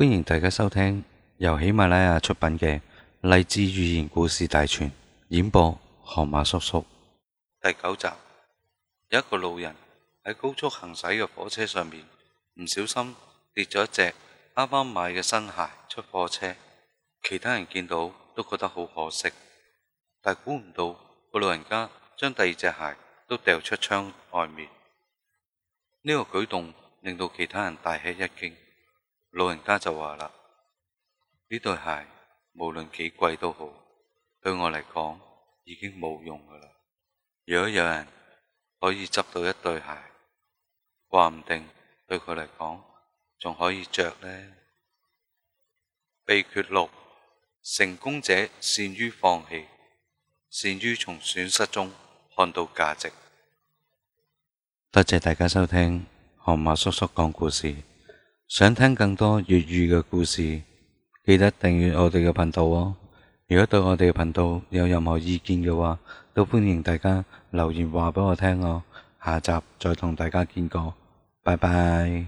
歡迎大家收聽由喜馬拉雅出品嘅《勵志寓言故事大全》，演播河馬叔叔。第九集，有一個老人喺高速行駛嘅火車上面，唔小心跌咗一隻啱啱買嘅新鞋出貨車。其他人見到都覺得好可惜，但估唔到個老人家將第二隻鞋都掉出窗外面。呢個舉動令到其他人大吃一驚。老人家就話啦：呢對鞋無論幾貴都好，對我嚟講已經冇用噶啦。如果有人可以執到一對鞋，話唔定對佢嚟講仲可以着呢。秘訣六：成功者善於放棄，善於從損失中看到價值。多謝大家收聽河馬叔叔講故事。想聽更多粵語嘅故事，記得訂閱我哋嘅頻道哦。如果對我哋嘅頻道有任何意見嘅話，都歡迎大家留言話俾我聽哦。下集再同大家見過，拜拜。